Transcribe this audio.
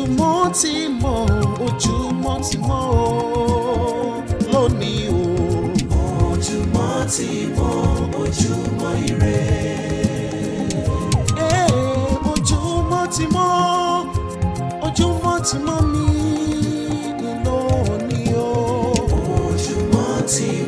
ojúmọ́ ti mọ́ ojúmọ́ ti mọ́ lónìí o. ojúmọ́ ti mọ́ ojúmọ́ ire. Hey, ojúmọ́ ti mọ́ ojúmọ́ ti mọ́ mi lónìí o. ojúmọ́ ti mọ́.